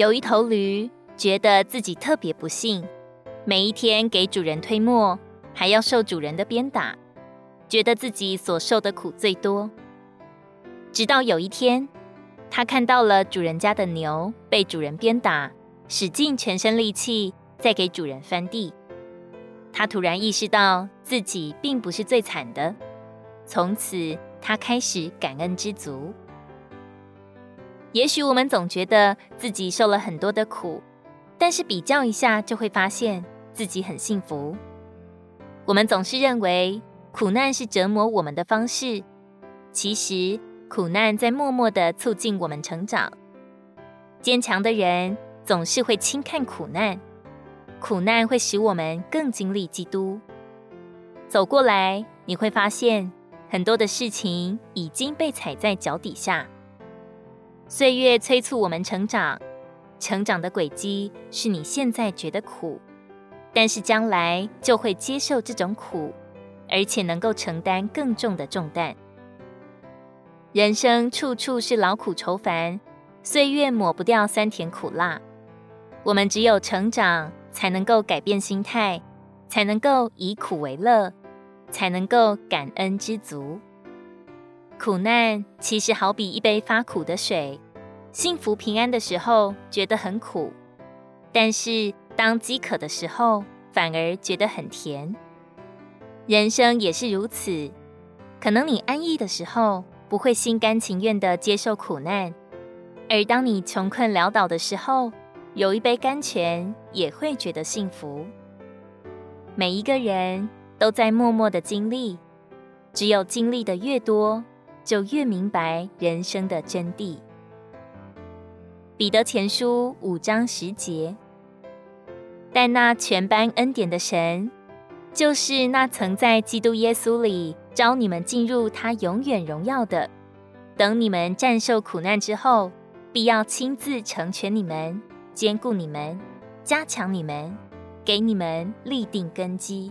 有一頭驢覺得自己特別不幸，每一天給主人推磨，還要受主人的鞭打，覺得自己所受的苦最多。直到有一天，他看到了主人家的牛被主人鞭打，使盡全身力氣在給主人翻地。他突然意識到自己並不是最慘的，從此他開始感恩知足。也許我們總覺得自己受了很多的苦，但是比較一下就會發現自己很幸福。我們總是認為苦難是折磨我們的方式，其實苦難在默默的促進我們成長。堅強的人總是會輕看苦難，苦難會使我們更經歷基督。走過來，你會發現很多的事情已經被踩在腳底下。歲月催促我們成長，成長的軌跡是你現在覺得苦，但是將來就會接受這種苦，而且能夠承擔更重的重擔。人生處處是勞苦愁煩，歲月抹不掉酸甜苦辣。我們只有成長，才能夠改變心態，才能夠以苦為樂，才能夠感恩知足。苦難其實好比一杯發苦的水，幸福平安的時候覺得很苦，但是當飢渴的時候，反而覺得很甜。人生也是如此，可能你安逸的時候不會心甘情願的接受苦難，而當你窮困潦倒的時候，有一杯甘泉也會覺得幸福。每一個人都在默默的經歷，只有經歷的越多，就越明白人生的真諦。彼得前書五章十節，但那全般恩典的神，就是那曾在基督耶穌裡召你們進入他永遠榮耀的，等你們暫受苦難之後，必要親自成全你們，堅固你們，加強你們，給你們立定根基。